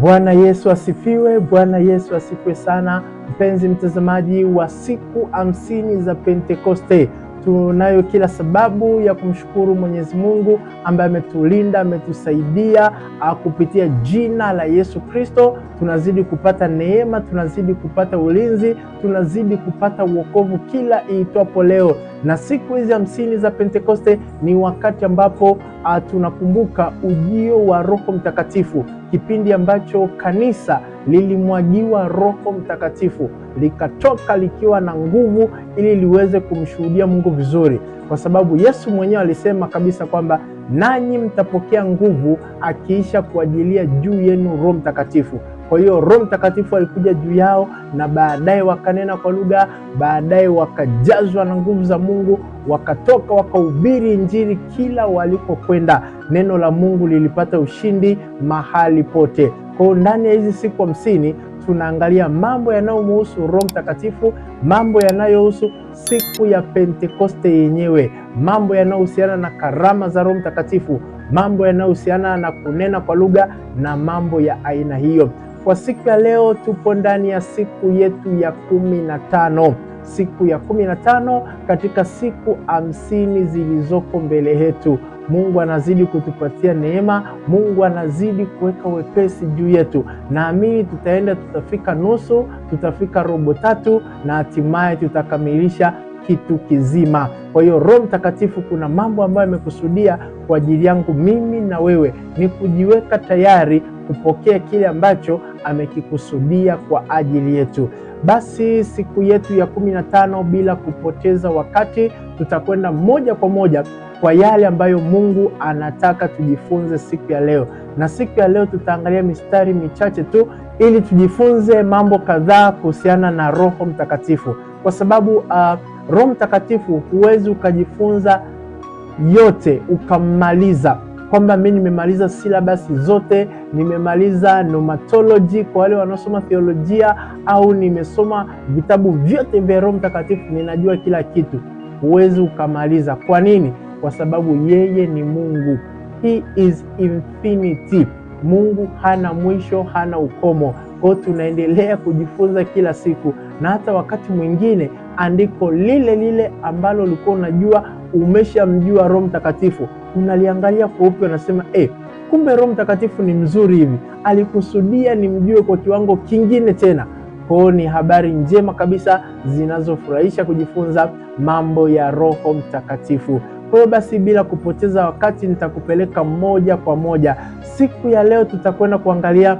Bwana Yesu asifiwe. Bwana Yesu asifiwe sana, mpenzi mtazamaji wa siku hamsini za Pentekoste. Tunayo kila sababu ya kumshukuru Mwenyezi Mungu ambaye ametulinda, ametusaidia ah, kupitia jina la Yesu Kristo. Tunazidi kupata neema, tunazidi kupata ulinzi, tunazidi kupata uokovu kila iitwapo leo. Na siku hizi hamsini za Pentekoste ni wakati ambapo Ah, tunakumbuka ujio wa Roho Mtakatifu, kipindi ambacho kanisa lilimwagiwa Roho Mtakatifu likatoka likiwa na nguvu, ili liweze kumshuhudia Mungu vizuri, kwa sababu Yesu mwenyewe alisema kabisa kwamba nanyi mtapokea nguvu akiisha kuajilia juu yenu Roho Mtakatifu. Kwa hiyo Roho Mtakatifu alikuja juu yao, na baadaye wakanena kwa lugha, baadaye wakajazwa na nguvu za Mungu, wakatoka wakahubiri Injili kila walikokwenda. Neno la Mungu lilipata ushindi mahali pote. Kwa hiyo ndani ya hizi siku hamsini tunaangalia mambo yanayomhusu Roho Mtakatifu, mambo yanayohusu siku ya Pentekoste yenyewe, mambo yanayohusiana na karama za Roho Mtakatifu, mambo yanayohusiana na kunena kwa lugha na mambo ya aina hiyo. Kwa siku ya leo tupo ndani ya siku yetu ya kumi na tano siku ya kumi na tano katika siku hamsini zilizoko mbele yetu. Mungu anazidi kutupatia neema, Mungu anazidi kuweka wepesi juu yetu. Naamini tutaenda, tutafika nusu, tutafika robo tatu na hatimaye tutakamilisha kitu kizima. Kwa hiyo Roho Mtakatifu kuna mambo ambayo amekusudia kwa ajili yangu mimi na wewe ni kujiweka tayari kupokea kile ambacho amekikusudia kwa ajili yetu. Basi siku yetu ya kumi na tano, bila kupoteza wakati, tutakwenda moja kwa moja kwa yale ambayo Mungu anataka tujifunze siku ya leo. Na siku ya leo tutaangalia mistari michache tu ili tujifunze mambo kadhaa kuhusiana na Roho Mtakatifu, kwa sababu uh, Roho Mtakatifu huwezi ukajifunza yote ukamaliza, kwamba mi nimemaliza silabasi zote, nimemaliza nomatoloji kwa wale wanaosoma theolojia, au nimesoma vitabu vyote vya Roho Mtakatifu, ninajua kila kitu. Huwezi ukamaliza. Kwa nini? Kwa sababu yeye ni Mungu. He is infinity. Mungu hana mwisho, hana ukomo. Kwao tunaendelea kujifunza kila siku, na hata wakati mwingine andiko lile lile ambalo ulikuwa unajua umeshamjua Roho Mtakatifu, unaliangalia kwa upya, unasema eh, kumbe Roho Mtakatifu ni mzuri hivi, alikusudia nimjue kwa kiwango kingine tena. Kwao ni habari njema kabisa zinazofurahisha kujifunza mambo ya Roho Mtakatifu. Kwa hiyo basi, bila kupoteza wakati, nitakupeleka moja kwa moja. Siku ya leo tutakwenda kuangalia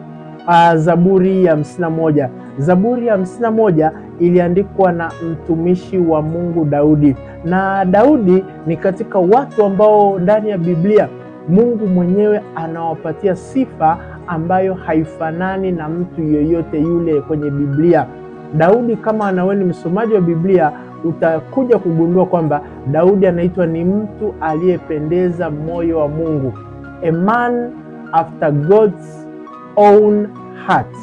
uh, Zaburi ya hamsini na moja. Zaburi ya hamsini na moja iliandikwa na mtumishi wa Mungu Daudi, na Daudi ni katika watu ambao ndani ya Biblia Mungu mwenyewe anawapatia sifa ambayo haifanani na mtu yeyote yule kwenye Biblia. Daudi, kama nawe ni msomaji wa Biblia, utakuja kugundua kwamba Daudi anaitwa ni mtu aliyependeza moyo wa Mungu, a man after God's own heart,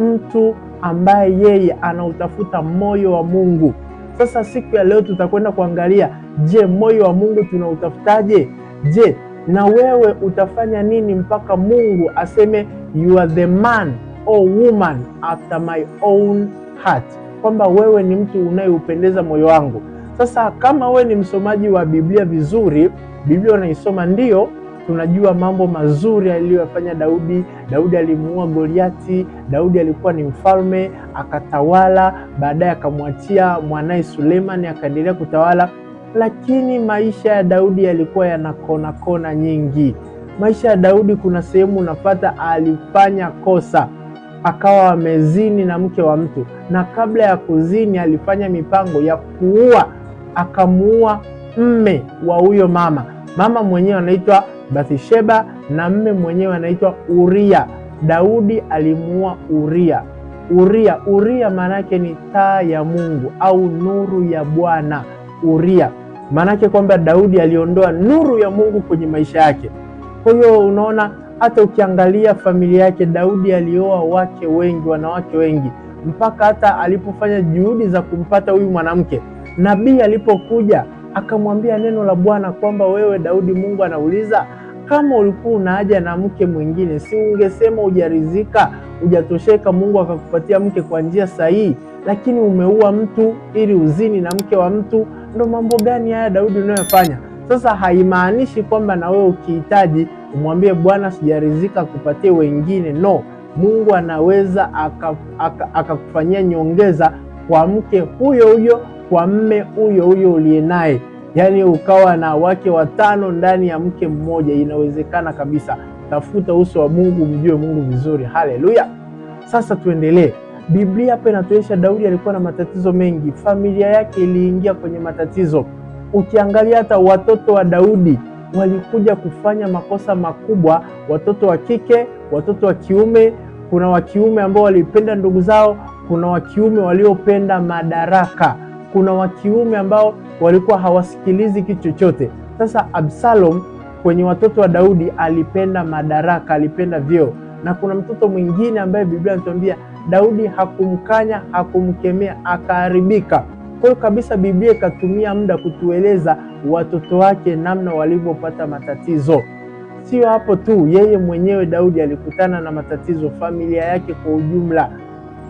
mtu ambaye yeye anautafuta moyo wa Mungu. Sasa siku ya leo tutakwenda kuangalia, je, moyo wa Mungu tunautafutaje? Je, na wewe utafanya nini mpaka Mungu aseme you are the man or woman after my own heart, kwamba wewe ni mtu unayeupendeza moyo wangu. Sasa kama wewe ni msomaji wa Biblia vizuri, Biblia unaisoma ndiyo tunajua mambo mazuri aliyoyafanya Daudi. Daudi alimuua Goliati, Daudi alikuwa ni mfalme akatawala, baadaye akamwachia mwanaye Sulemani akaendelea kutawala, lakini maisha ya Daudi yalikuwa yana kona kona nyingi. Maisha ya Daudi kuna sehemu unapata alifanya kosa akawa amezini na mke wa mtu, na kabla ya kuzini alifanya mipango ya kuua, akamuua mme wa huyo mama. Mama mwenyewe anaitwa Bathsheba na mme mwenyewe anaitwa Uria. Daudi alimuua Uria. Uria, Uria maana yake ni taa ya Mungu au nuru ya Bwana. Uria maana yake kwamba Daudi aliondoa nuru ya Mungu kwenye maisha yake. Kwa hiyo unaona, hata ukiangalia familia yake, Daudi alioa wake wengi, wanawake wengi, mpaka hata alipofanya juhudi za kumpata huyu mwanamke nabii alipokuja akamwambia neno la Bwana kwamba wewe Daudi, Mungu anauliza kama ulikuwa una haja na mke mwingine, si ungesema ujarizika hujatosheka, Mungu akakupatia mke kwa njia sahihi, lakini umeua mtu ili uzini na mke wa mtu. Ndo mambo gani haya Daudi unayofanya? Sasa haimaanishi kwamba na wewe ukihitaji umwambie Bwana, sijarizika kupatie wengine. No, Mungu anaweza akakufanyia aka, aka nyongeza kwa mke huyo huyo kwa mme huyo huyo uliye naye, yaani ukawa na wake watano ndani ya mke mmoja. Inawezekana kabisa. Tafuta uso wa Mungu, mjue Mungu vizuri. Haleluya! Sasa tuendelee. Biblia hapa inatuonyesha Daudi alikuwa na matatizo mengi, familia yake iliingia kwenye matatizo. Ukiangalia hata watoto wa Daudi walikuja kufanya makosa makubwa, watoto wa kike, watoto wa kiume. Kuna wa kiume ambao walipenda ndugu zao, kuna wa kiume waliopenda madaraka kuna wakiume ambao walikuwa hawasikilizi kitu chochote. Sasa Absalom kwenye watoto wa Daudi alipenda madaraka, alipenda vyeo, na kuna mtoto mwingine ambaye Biblia inatuambia Daudi hakumkanya, hakumkemea, akaharibika. Kwa hiyo kabisa Biblia ikatumia muda kutueleza watoto wake namna walivyopata matatizo. Sio hapo tu, yeye mwenyewe Daudi alikutana na matatizo, familia yake kwa ujumla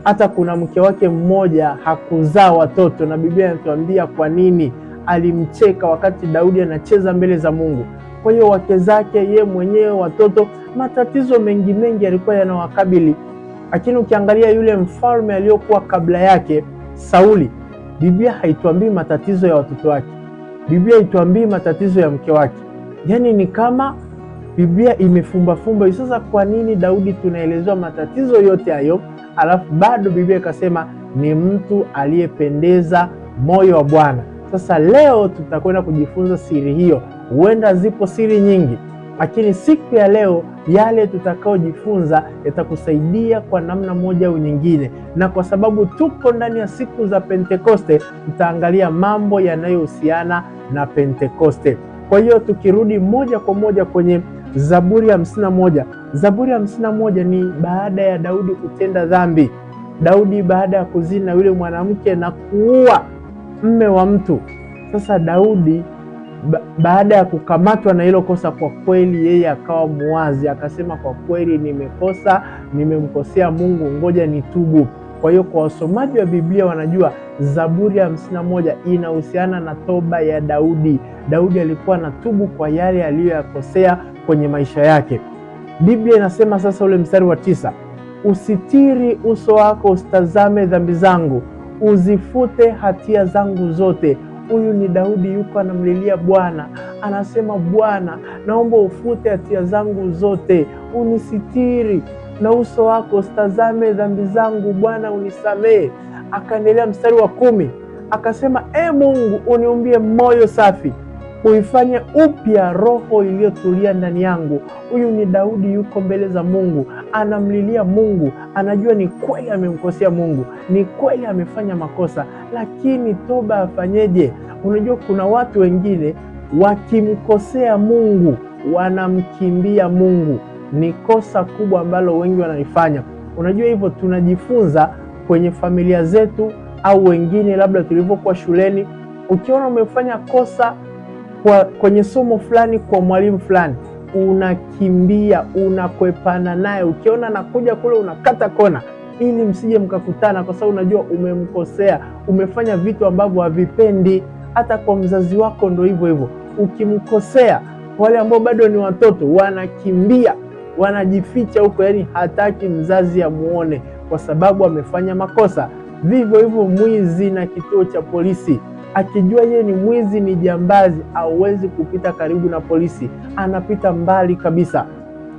hata kuna mke wake mmoja hakuzaa watoto, na Biblia inatuambia kwa nini alimcheka wakati Daudi anacheza mbele za Mungu. Kwa hiyo wake zake, ye mwenyewe, watoto, matatizo mengi mengi yalikuwa yanawakabili. Lakini ukiangalia yule mfalme aliyokuwa kabla yake Sauli, Biblia haituambii matatizo ya watoto wake, Biblia haituambii matatizo ya mke wake. Yaani ni kama Biblia imefumbafumba. Sasa kwa nini Daudi tunaelezewa matatizo yote hayo? alafu bado Biblia ikasema ni mtu aliyependeza moyo wa Bwana. Sasa leo tutakwenda kujifunza siri hiyo. Huenda zipo siri nyingi, lakini siku ya leo yale tutakayojifunza yatakusaidia kwa namna moja au nyingine, na kwa sababu tuko ndani ya siku za Pentekoste, tutaangalia mambo yanayohusiana na Pentekoste. Kwa hiyo tukirudi moja kwa moja kwenye Zaburi ya hamsini na moja. Zaburi ya hamsini na moja ni baada ya Daudi kutenda dhambi. Daudi baada ya kuzina yule mwanamke na kuua mme wa mtu. Sasa Daudi ba baada ya kukamatwa na hilo kosa, kwa kweli yeye akawa muwazi, akasema kwa kweli nimekosa, nimemkosea Mungu, ngoja nitubu. Kwa hiyo kwa wasomaji wa Biblia wanajua Zaburi ya hamsini na moja inahusiana na toba ya Daudi. Daudi alikuwa anatubu kwa yale aliyoyakosea kwenye maisha yake. Biblia inasema sasa, ule mstari wa tisa, usitiri uso wako usitazame dhambi zangu, uzifute hatia zangu zote. Huyu ni Daudi, yuko anamlilia Bwana, anasema Bwana, naomba ufute hatia zangu zote, unisitiri na uso wako stazame dhambi zangu, Bwana unisamehe. Akaendelea mstari wa kumi akasema, E Mungu uniumbie moyo safi, uifanye upya roho iliyotulia ndani yangu. Huyu ni Daudi, yuko mbele za Mungu, anamlilia Mungu. Anajua ni kweli amemkosea Mungu, ni kweli amefanya makosa, lakini toba afanyeje? Unajua, kuna watu wengine wakimkosea Mungu wanamkimbia Mungu ni kosa kubwa ambalo wengi wanaifanya Unajua hivyo, tunajifunza kwenye familia zetu au wengine labda tulivyokuwa shuleni. Ukiona umefanya kosa kwa kwenye somo fulani kwa mwalimu fulani, unakimbia unakwepana naye, ukiona anakuja kule unakata kona ili msije mkakutana, kwa sababu unajua umemkosea, umefanya vitu ambavyo havipendi. Hata kwa mzazi wako ndo hivyo hivyo, ukimkosea, wale ambao bado ni watoto wanakimbia wanajificha huko, yani hataki mzazi amuone kwa sababu amefanya makosa. Vivyo hivyo mwizi na kituo cha polisi, akijua yeye ni mwizi, ni jambazi, hauwezi kupita karibu na polisi, anapita mbali kabisa.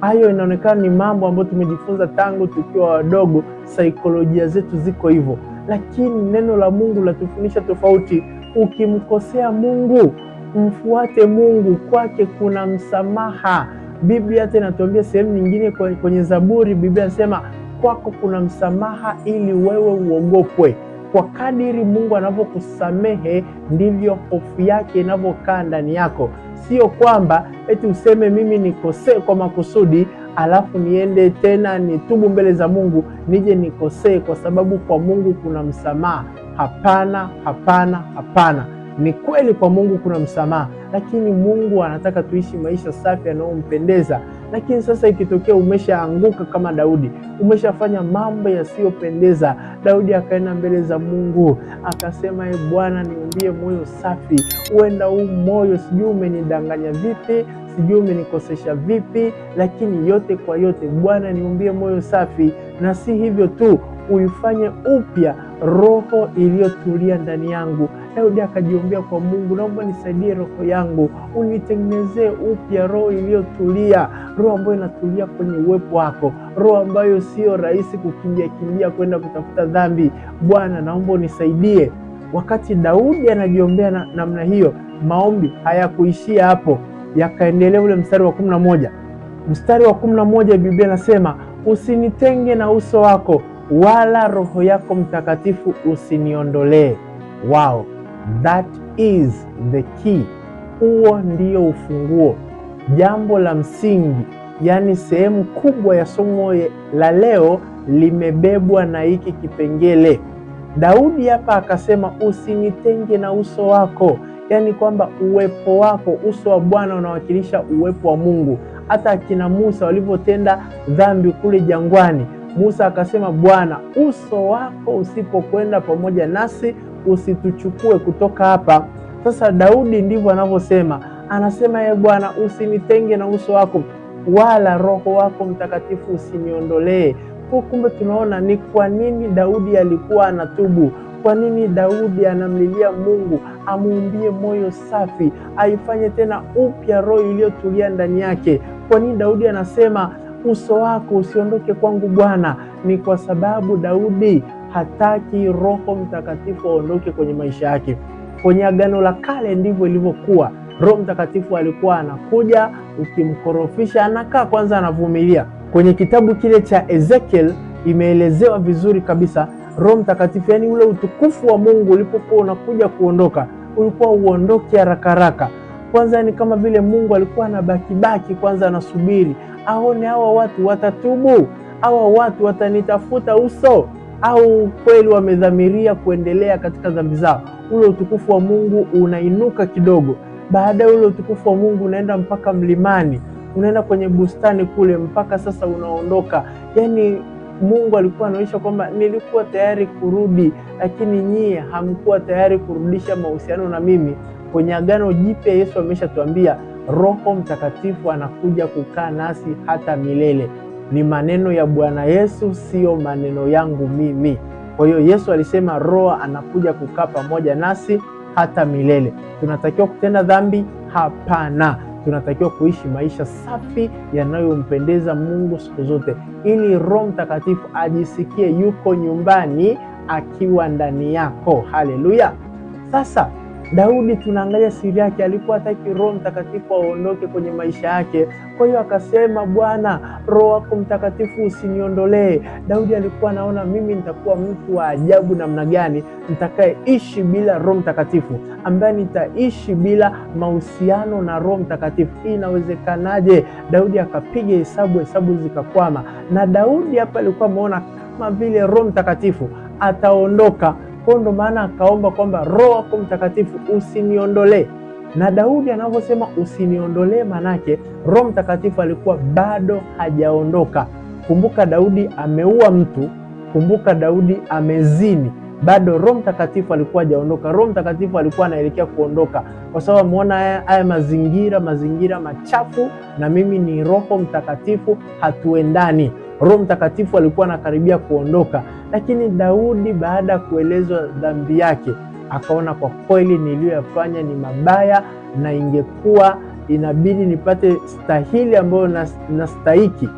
Hayo inaonekana ni mambo ambayo tumejifunza tangu tukiwa wadogo, saikolojia zetu ziko hivyo, lakini neno la Mungu latufundisha tofauti. Ukimkosea Mungu, mfuate Mungu, kwake kuna msamaha. Biblia hata inatuambia sehemu nyingine kwenye Zaburi, Biblia inasema kwako kuna msamaha ili wewe uogopwe. Kwa kadiri Mungu anavyokusamehe ndivyo hofu yake inavyokaa ndani yako. Sio kwamba eti useme mimi nikosee kwa makusudi alafu niende tena nitubu mbele za Mungu nije nikosee kwa sababu kwa Mungu kuna msamaha. Hapana, hapana, hapana. Ni kweli kwa Mungu kuna msamaha, lakini Mungu anataka tuishi maisha safi yanayompendeza. Lakini sasa ikitokea umeshaanguka kama Daudi, umeshafanya mambo yasiyopendeza, Daudi akaenda mbele za Mungu akasema, e Bwana, niumbie moyo safi. Huenda huu moyo sijui umenidanganya vipi, sijui umenikosesha vipi, lakini yote kwa yote, Bwana, niumbie moyo safi. Na si hivyo tu uifanye upya roho iliyotulia ndani yangu. Daudi akajiombea kwa Mungu, naomba nisaidie roho yangu, unitengenezee upya roho iliyotulia, roho ambayo inatulia kwenye uwepo wako, roho ambayo sio rahisi kukimbia kimbia kwenda kutafuta dhambi. Bwana, naomba unisaidie. Wakati Daudi anajiombea na, namna hiyo, maombi hayakuishia hapo, yakaendelea. Ule mstari wa kumi na moja mstari wa kumi na moja Biblia nasema usinitenge na uso wako wala Roho yako Mtakatifu usiniondolee wao. That is the key, huo ndio ufunguo. Jambo la msingi, yaani sehemu kubwa ya somo la leo limebebwa na hiki kipengele. Daudi hapa akasema usinitenge na uso wako, yaani kwamba uwepo wako, uso wa Bwana unawakilisha uwepo wa Mungu. Hata akina Musa walivyotenda dhambi kule jangwani Musa akasema, Bwana, uso wako usipokwenda pamoja nasi, usituchukue kutoka hapa. Sasa Daudi ndivyo anavyosema, anasema, ye ee Bwana, usinitenge na uso wako, wala Roho wako Mtakatifu usiniondolee. kumbe tunaona ni kwa nini Daudi alikuwa anatubu kwa nini Daudi anamlilia Mungu amuumbie moyo safi, aifanye tena upya roho iliyotulia ndani yake. Kwa nini Daudi anasema uso wako usiondoke kwangu Bwana, ni kwa sababu Daudi hataki Roho Mtakatifu aondoke kwenye maisha yake. Kwenye Agano la Kale ndivyo ilivyokuwa. Roho Mtakatifu alikuwa anakuja, ukimkorofisha anakaa kwanza, anavumilia. Kwenye kitabu kile cha Ezekiel imeelezewa vizuri kabisa Roho Mtakatifu, yaani ule utukufu wa Mungu ulipokuwa unakuja kuondoka, ulikuwa uondoke haraka haraka kwanza ni kama vile Mungu alikuwa na bakibaki kwanza, anasubiri aone hawa watu watatubu, hawa watu watanitafuta uso, au kweli wamedhamiria kuendelea katika dhambi zao. Ule utukufu wa Mungu unainuka kidogo, baadaye ule utukufu wa Mungu unaenda mpaka mlimani, unaenda kwenye bustani kule, mpaka sasa unaondoka. Yaani Mungu alikuwa anaonyesha kwamba nilikuwa tayari kurudi, lakini nyie hamkuwa tayari kurudisha mahusiano na mimi. Kwenye Agano Jipya Yesu ameshatuambia Roho Mtakatifu anakuja kukaa nasi hata milele. Ni maneno ya Bwana Yesu, siyo maneno yangu mimi. Kwa hiyo Yesu alisema Roho anakuja kukaa pamoja nasi hata milele. Tunatakiwa kutenda dhambi? Hapana. Tunatakiwa kuishi maisha safi yanayompendeza Mungu siku zote, ili Roho Mtakatifu ajisikie yuko nyumbani akiwa ndani yako. Haleluya! Sasa Daudi tunaangalia siri yake, alikuwa hataki Roho Mtakatifu aondoke kwenye maisha yake. Kwa hiyo akasema, Bwana Roho wako Mtakatifu usiniondolee. Daudi alikuwa anaona mimi nitakuwa mtu wa ajabu namna gani nitakayeishi bila Roho Mtakatifu, ambaye nitaishi bila mahusiano na Roho Mtakatifu, hii inawezekanaje? Daudi akapiga hesabu, hesabu zikakwama, na Daudi hapa alikuwa ameona kama vile Roho Mtakatifu ataondoka kwa ndo maana akaomba kwamba Roho wako Mtakatifu usiniondolee, na Daudi anavyosema usiniondolee, manake Roho Mtakatifu alikuwa bado hajaondoka. Kumbuka Daudi ameua mtu, kumbuka Daudi amezini bado Roho Mtakatifu alikuwa hajaondoka. Roho Mtakatifu alikuwa anaelekea kuondoka, kwa sababu ameona haya, haya mazingira mazingira machafu, na mimi ni Roho Mtakatifu, hatuendani. Roho Mtakatifu alikuwa anakaribia kuondoka, lakini Daudi baada ya kuelezwa dhambi yake akaona kwa kweli niliyoyafanya ni mabaya na ingekuwa inabidi nipate stahili ambayo nastahiki,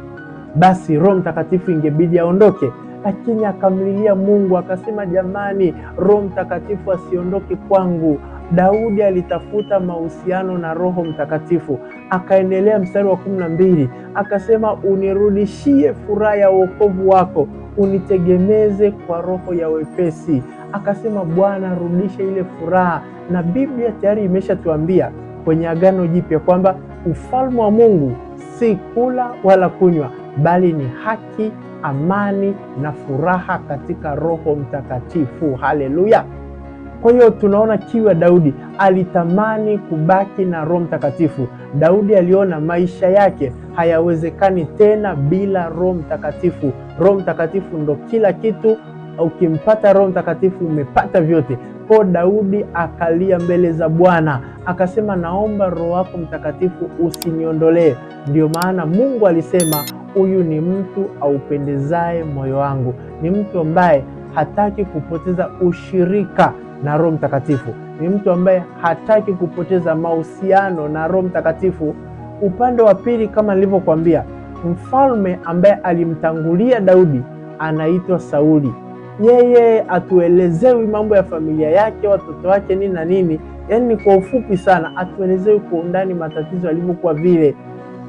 basi Roho Mtakatifu ingebidi aondoke. Lakini akamlilia Mungu akasema, jamani, Roho Mtakatifu asiondoke kwangu, Daudi alitafuta mahusiano na Roho Mtakatifu. Akaendelea mstari wa kumi na mbili akasema, unirudishie furaha ya wokovu wako, unitegemeze kwa roho ya wepesi. Akasema, Bwana rudishe ile furaha, na Biblia tayari imeshatuambia kwenye Agano Jipya kwamba ufalme wa Mungu si kula wala kunywa, bali ni haki, amani na furaha katika Roho Mtakatifu. Haleluya! Kwa hiyo tunaona kiu ya Daudi, alitamani kubaki na Roho Mtakatifu. Daudi aliona maisha yake hayawezekani tena bila Roho Mtakatifu. Roho Mtakatifu ndo kila kitu, ukimpata Roho Mtakatifu umepata vyote. Kwa Daudi akalia mbele za Bwana akasema, naomba Roho wako Mtakatifu usiniondolee. Ndio maana Mungu alisema huyu ni mtu aupendezaye moyo wangu, ni mtu ambaye hataki kupoteza ushirika na Roho Mtakatifu. Ni mtu ambaye hataki kupoteza mahusiano na Roho Mtakatifu. Upande wa pili, kama nilivyokuambia, mfalme ambaye alimtangulia Daudi anaitwa Sauli. Yeye atuelezewi mambo ya familia yake, watoto wake, nini na nini, yaani ni kwa ufupi sana, atuelezewi kwa undani matatizo alivyokuwa vile,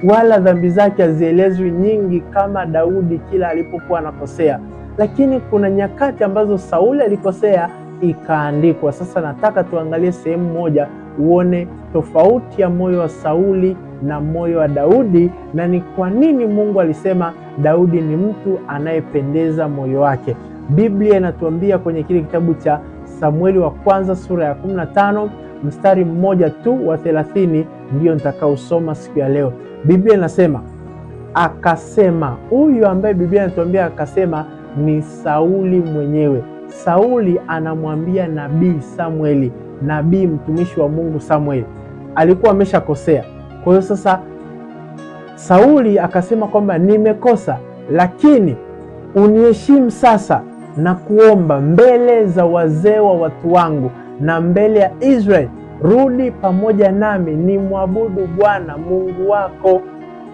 wala dhambi zake hazielezwi nyingi kama Daudi kila alipokuwa anakosea. Lakini kuna nyakati ambazo Sauli alikosea ikaandikwa. Sasa nataka tuangalie sehemu moja, uone tofauti ya moyo wa Sauli na moyo wa Daudi, na ni kwa nini Mungu alisema Daudi ni mtu anayependeza moyo wake. Biblia inatuambia kwenye kile kitabu cha Samueli wa kwanza sura ya 15 mstari mmoja tu wa 30 ndio nitakaosoma siku ya leo. Biblia inasema akasema, huyu ambaye Biblia inatuambia akasema ni Sauli mwenyewe. Sauli anamwambia nabii Samueli, nabii mtumishi wa Mungu Samueli alikuwa ameshakosea. Kwa hiyo sasa Sauli akasema kwamba nimekosa, lakini uniheshimu sasa na kuomba mbele za wazee wa watu wangu na mbele ya Israeli, rudi pamoja nami ni mwabudu Bwana Mungu wako.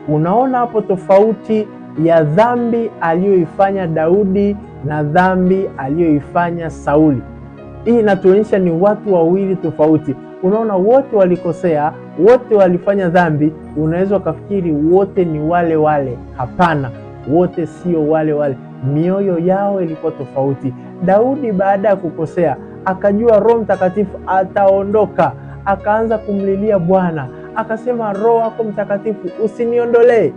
Unaona hapo tofauti ya dhambi aliyoifanya Daudi na dhambi aliyoifanya Sauli. Hii inatuonyesha ni watu wawili tofauti. Unaona, wote walikosea, wote walifanya dhambi. Unaweza ukafikiri wote ni wale wale. Hapana, wote sio wale wale, mioyo yao ilikuwa tofauti. Daudi baada ya kukosea akajua Roho Mtakatifu ataondoka, akaanza kumlilia Bwana, akasema Roho wako Mtakatifu usiniondolee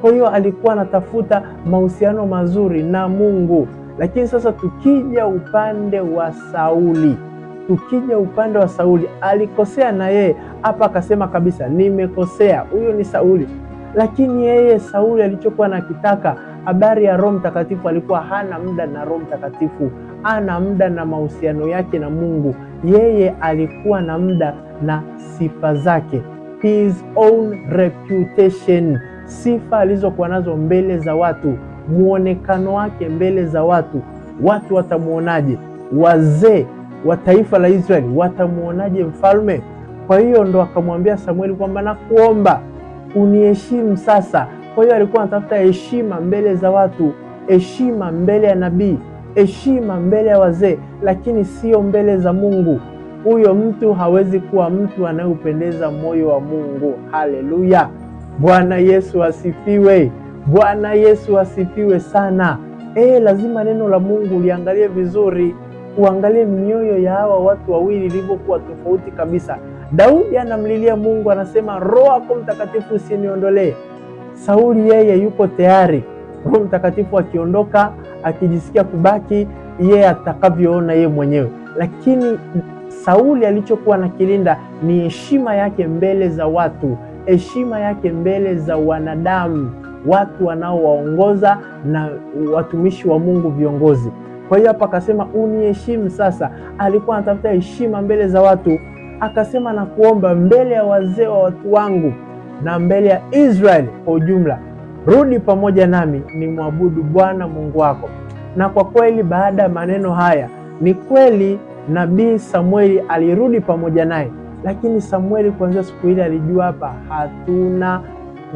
kwa hiyo alikuwa anatafuta mahusiano mazuri na Mungu. Lakini sasa tukija upande wa Sauli, tukija upande wa Sauli, alikosea na yeye hapa, akasema kabisa, nimekosea. Huyo ni Sauli, lakini yeye Sauli alichokuwa anakitaka habari ya Roho Mtakatifu, alikuwa hana muda na Roho Mtakatifu, ana muda na mahusiano yake na Mungu. Yeye alikuwa na muda na sifa zake, his own reputation sifa alizokuwa nazo mbele za watu, muonekano wake mbele za watu. Watu watamwonaje? Wazee wa taifa la Israeli watamwonaje mfalme? Kwa hiyo ndo akamwambia Samueli kwamba nakuomba uniheshimu sasa. Kwa hiyo alikuwa anatafuta heshima mbele za watu, heshima mbele ya nabii, heshima mbele ya wazee, lakini sio mbele za Mungu. Huyo mtu hawezi kuwa mtu anayeupendeza moyo wa Mungu. Haleluya! Bwana Yesu asifiwe. Bwana Yesu asifiwe sana. E, lazima neno la Mungu liangalie vizuri, uangalie mioyo ya hawa watu wawili ilivyokuwa tofauti kabisa. Daudi anamlilia Mungu, anasema Roho yako Mtakatifu usiniondolee. Sauli yeye yuko tayari, Roho Mtakatifu akiondoka, akijisikia kubaki yeye atakavyoona yeye mwenyewe, lakini Sauli alichokuwa kilinda ni heshima yake mbele za watu heshima yake mbele za wanadamu, watu wanaowaongoza na watumishi wa Mungu, viongozi. Kwa hiyo hapa akasema uniheshimu. Sasa alikuwa anatafuta heshima mbele za watu, akasema na kuomba mbele ya wazee wa watu wangu na mbele ya Israeli kwa ujumla, rudi pamoja nami ni mwabudu Bwana Mungu wako. Na kwa kweli baada ya maneno haya, ni kweli nabii Samueli alirudi pamoja naye. Lakini Samueli kuanzia siku ile alijua hapa hatuna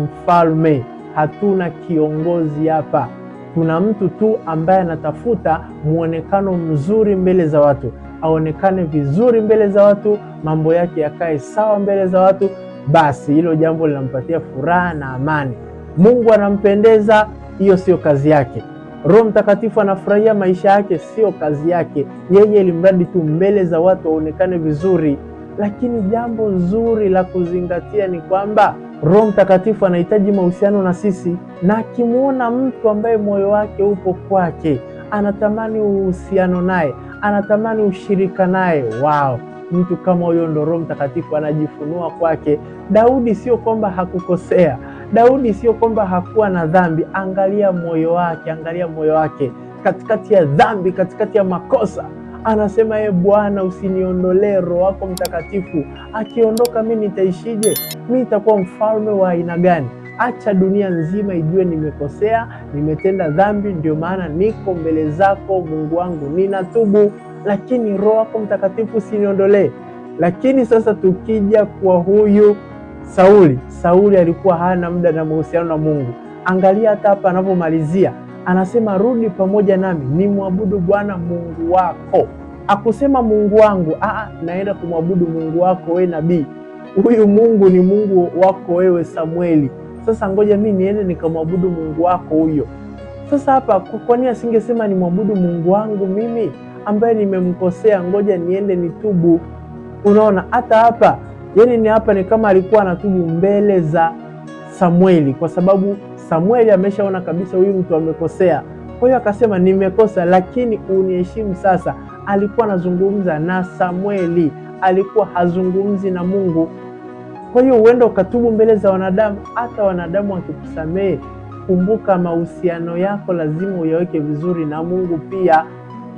mfalme, hatuna kiongozi hapa, tuna mtu tu ambaye anatafuta mwonekano mzuri mbele za watu, aonekane vizuri mbele za watu, mambo yake yakae sawa mbele za watu, basi hilo jambo linampatia furaha na amani. Mungu anampendeza, hiyo sio kazi yake. Roho Mtakatifu anafurahia maisha yake, sio kazi yake yeye, ilimradi tu mbele za watu aonekane vizuri. Lakini jambo zuri la kuzingatia ni kwamba Roho Mtakatifu anahitaji mahusiano na sisi, na akimwona mtu ambaye moyo wake upo kwake, anatamani uhusiano naye, anatamani ushirika naye. Wao mtu kama huyo ndo Roho Mtakatifu anajifunua kwake. Daudi sio kwamba hakukosea, Daudi sio kwamba hakuwa na dhambi. Angalia moyo wake, angalia moyo wake, katikati ya dhambi, katikati ya makosa anasema, e Bwana, usiniondolee Roho wako Mtakatifu. Akiondoka mi nitaishije? Mi nitakuwa mfalme wa aina gani? Acha dunia nzima ijue nimekosea, nimetenda dhambi, ndio maana niko mbele zako Mungu wangu, ninatubu, lakini Roho wako Mtakatifu usiniondolee. Lakini sasa tukija kwa huyu Sauli, Sauli alikuwa hana muda na mahusiano na Mungu. Angalia hata hapa anavyomalizia anasema rudi pamoja nami ni mwabudu Bwana Mungu wako. Akusema Mungu wangu, aa, naenda kumwabudu Mungu wako we nabii. Huyu Mungu ni Mungu wako wewe Samueli. Sasa ngoja mi niende nikamwabudu Mungu wako huyo. Sasa hapa, kwa nini asingesema mwabudu Mungu wangu mimi ambaye nimemkosea? Ngoja niende nitubu. Unaona, hata hapa yani ni hapa ni kama alikuwa anatubu mbele za Samueli kwa sababu Samueli ameshaona kabisa huyu mtu amekosea. Kwa hiyo akasema nimekosa, lakini uniheshimu sasa. Alikuwa anazungumza na Samueli, alikuwa hazungumzi na Mungu. Kwa hiyo huenda ukatubu mbele za wanadamu, hata wanadamu wakikusamehe. Kumbuka mahusiano yako lazima uyaweke vizuri na Mungu pia.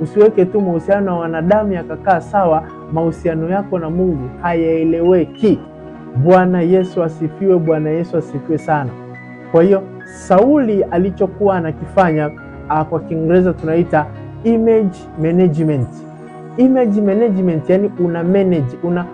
Usiweke tu mahusiano na wanadamu yakakaa sawa, mahusiano yako na Mungu hayaeleweki. Bwana Yesu asifiwe! Bwana Yesu asifiwe sana. Kwa hiyo Sauli alichokuwa anakifanya ah, kwa Kiingereza tunaita image management. Image management yani una manage, una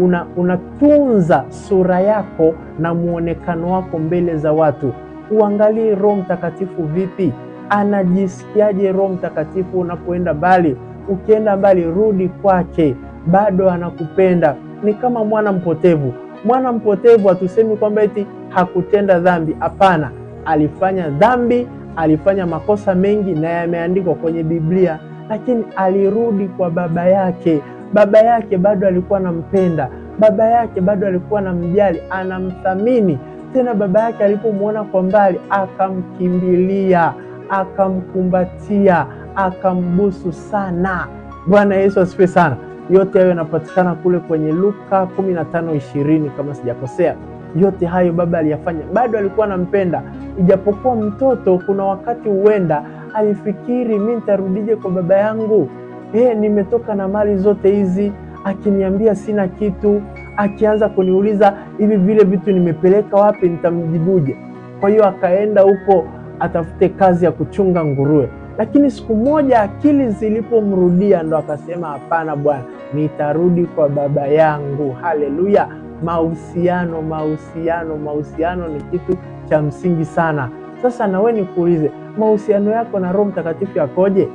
una unatunza una sura yako na muonekano wako mbele za watu. Uangalie Roho Mtakatifu vipi, anajisikiaje Roho Mtakatifu unapoenda mbali. Ukienda mbali, rudi kwake, bado anakupenda. Ni kama mwana mpotevu. Mwana mpotevu hatusemi kwamba eti hakutenda dhambi, hapana alifanya dhambi, alifanya makosa mengi na yameandikwa kwenye Biblia, lakini alirudi kwa baba yake. Baba yake bado alikuwa anampenda, baba yake bado alikuwa anamjali, anamthamini. Tena baba yake alipomwona kwa mbali, akamkimbilia, akamkumbatia, akambusu sana. Bwana Yesu asifiwe sana. Yote hayo yanapatikana kule kwenye Luka 15:20 kama sijakosea. Yote hayo baba aliyafanya, bado alikuwa anampenda, Ijapokuwa mtoto kuna wakati huenda alifikiri mi nitarudije kwa baba yangu, e, nimetoka na mali zote hizi, akiniambia sina kitu, akianza kuniuliza hivi vile vitu nimepeleka wapi, nitamjibuje? Kwa hiyo akaenda huko atafute kazi ya kuchunga nguruwe. Lakini siku moja akili zilipomrudia, ndo akasema hapana, bwana, nitarudi kwa baba yangu. Haleluya! Mahusiano, mahusiano, mahusiano ni kitu cha msingi sana. Sasa na wewe nikuulize, mahusiano yako na Roho Mtakatifu yakoje?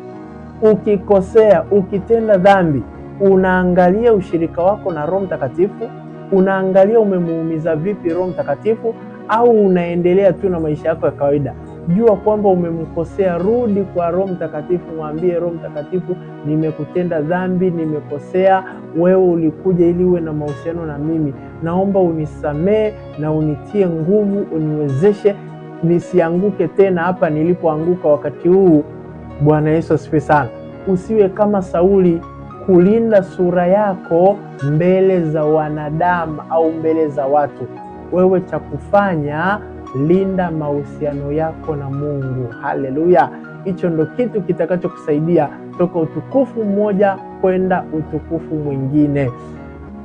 Ukikosea, ukitenda dhambi, unaangalia ushirika wako na Roho Mtakatifu? Unaangalia umemuumiza vipi Roho Mtakatifu, au unaendelea tu na maisha yako ya kawaida? Jua kwamba umemkosea, rudi kwa Roho Mtakatifu, mwambie Roho Mtakatifu, nimekutenda dhambi, nimekosea wewe ulikuja ili uwe na mahusiano na mimi. Naomba unisamehe na unitie nguvu, uniwezeshe nisianguke tena hapa nilipoanguka wakati huu. Bwana Yesu asifiwe sana. Usiwe kama Sauli, kulinda sura yako mbele za wanadamu au mbele za watu. Wewe cha kufanya, linda mahusiano yako na Mungu. Haleluya! Hicho ndo kitu kitakachokusaidia toka utukufu mmoja kwenda utukufu mwingine.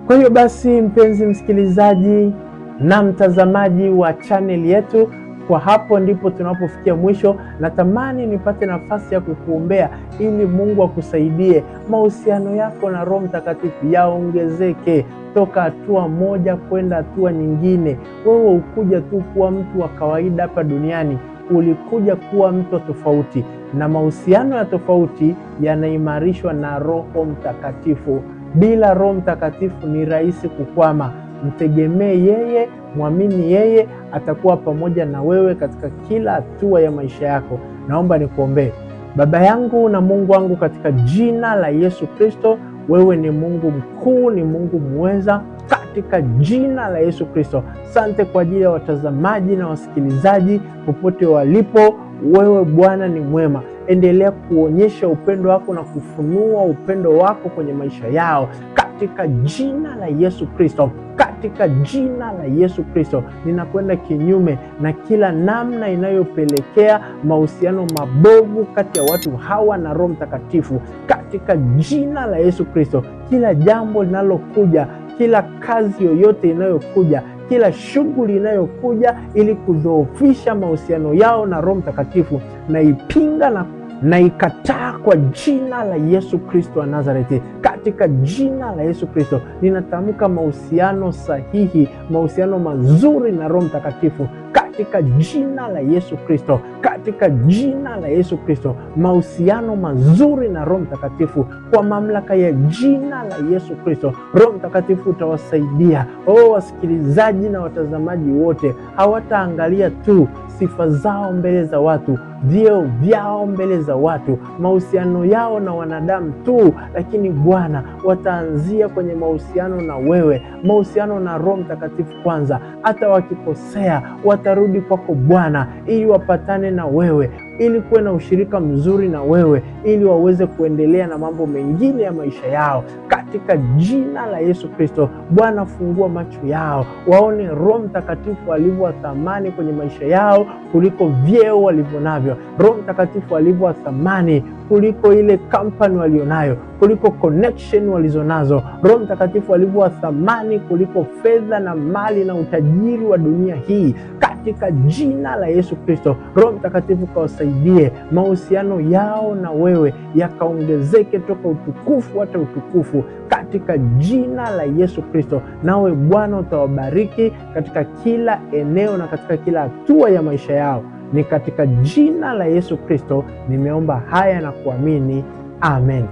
Kwa hiyo basi, mpenzi msikilizaji na mtazamaji wa chaneli yetu, kwa hapo ndipo tunapofikia mwisho. Natamani nipate nafasi ya kukuombea ili Mungu akusaidie mahusiano yako na Roho Mtakatifu yaongezeke toka hatua moja kwenda hatua nyingine. Wewe ukuja tu kuwa mtu wa kawaida hapa duniani, ulikuja kuwa mtu tofauti na mahusiano ya tofauti yanaimarishwa na Roho Mtakatifu. Bila Roho Mtakatifu ni rahisi kukwama. Mtegemee yeye, mwamini yeye, atakuwa pamoja na wewe katika kila hatua ya maisha yako. Naomba nikuombee. Baba yangu na Mungu wangu, katika jina la Yesu Kristo, wewe ni Mungu mkuu, ni Mungu mweza katika jina la Yesu Kristo. Sante kwa ajili ya watazamaji na wasikilizaji popote walipo wewe Bwana ni mwema. Endelea kuonyesha upendo wako na kufunua upendo wako kwenye maisha yao katika jina la Yesu Kristo, katika jina la Yesu Kristo. Ninakwenda kinyume na kila namna inayopelekea mahusiano mabovu kati ya watu hawa na Roho Mtakatifu katika jina la Yesu Kristo. Kila jambo linalokuja, kila kazi yoyote inayokuja kila shughuli inayokuja ili kudhoofisha mahusiano yao na Roho Mtakatifu, naipinga na naikataa kwa jina la Yesu Kristo wa Nazareti. Katika jina la Yesu Kristo ninatamka mahusiano sahihi, mahusiano mazuri na Roho Mtakatifu katika jina la Yesu Kristo katika jina la Yesu Kristo, mahusiano mazuri na Roho Mtakatifu kwa mamlaka ya jina la Yesu Kristo. Roho Mtakatifu utawasaidia oh, wasikilizaji na watazamaji wote hawataangalia tu sifa zao mbele za watu, vyeo vyao mbele za watu, mahusiano yao na wanadamu tu, lakini Bwana, wataanzia kwenye mahusiano na wewe, mahusiano na Roho Mtakatifu kwanza. Hata wakikosea watarudi kwako Bwana ili wapatane na wewe, ili kuwe na ushirika mzuri na wewe, ili waweze kuendelea na mambo mengine ya maisha yao, katika jina la Yesu Kristo. Bwana, fungua macho yao, waone Roho Mtakatifu alivyowathamani kwenye maisha yao kuliko vyeo walivyonavyo, Roho Mtakatifu alivyowathamani kuliko ile kampani walionayo, kuliko connection walizonazo. Roho Mtakatifu alivyowa thamani kuliko fedha na mali na utajiri wa dunia hii, katika jina la Yesu Kristo. Roho Mtakatifu kawasaidie mahusiano yao na wewe yakaongezeke toka utukufu hata utukufu, katika jina la Yesu Kristo. Nawe Bwana utawabariki katika kila eneo na katika kila hatua ya maisha yao. Ni katika jina la Yesu Kristo nimeomba haya na kuamini, amen,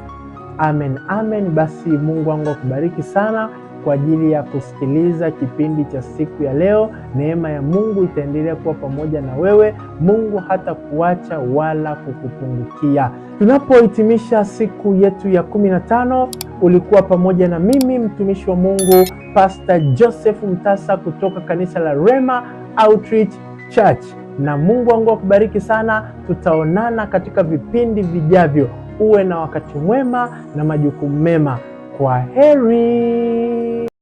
amen, amen. Basi Mungu wangu akubariki sana kwa ajili ya kusikiliza kipindi cha siku ya leo. Neema ya Mungu itaendelea kuwa pamoja na wewe. Mungu hata kuacha wala kukupungukia. Tunapohitimisha siku yetu ya kumi na tano, ulikuwa pamoja na mimi mtumishi wa Mungu Pastor Joseph Mtasa kutoka kanisa la Rema Outreach Church na Mungu wangu akubariki sana. Tutaonana katika vipindi vijavyo. Uwe na wakati mwema na majukumu mema. Kwa heri.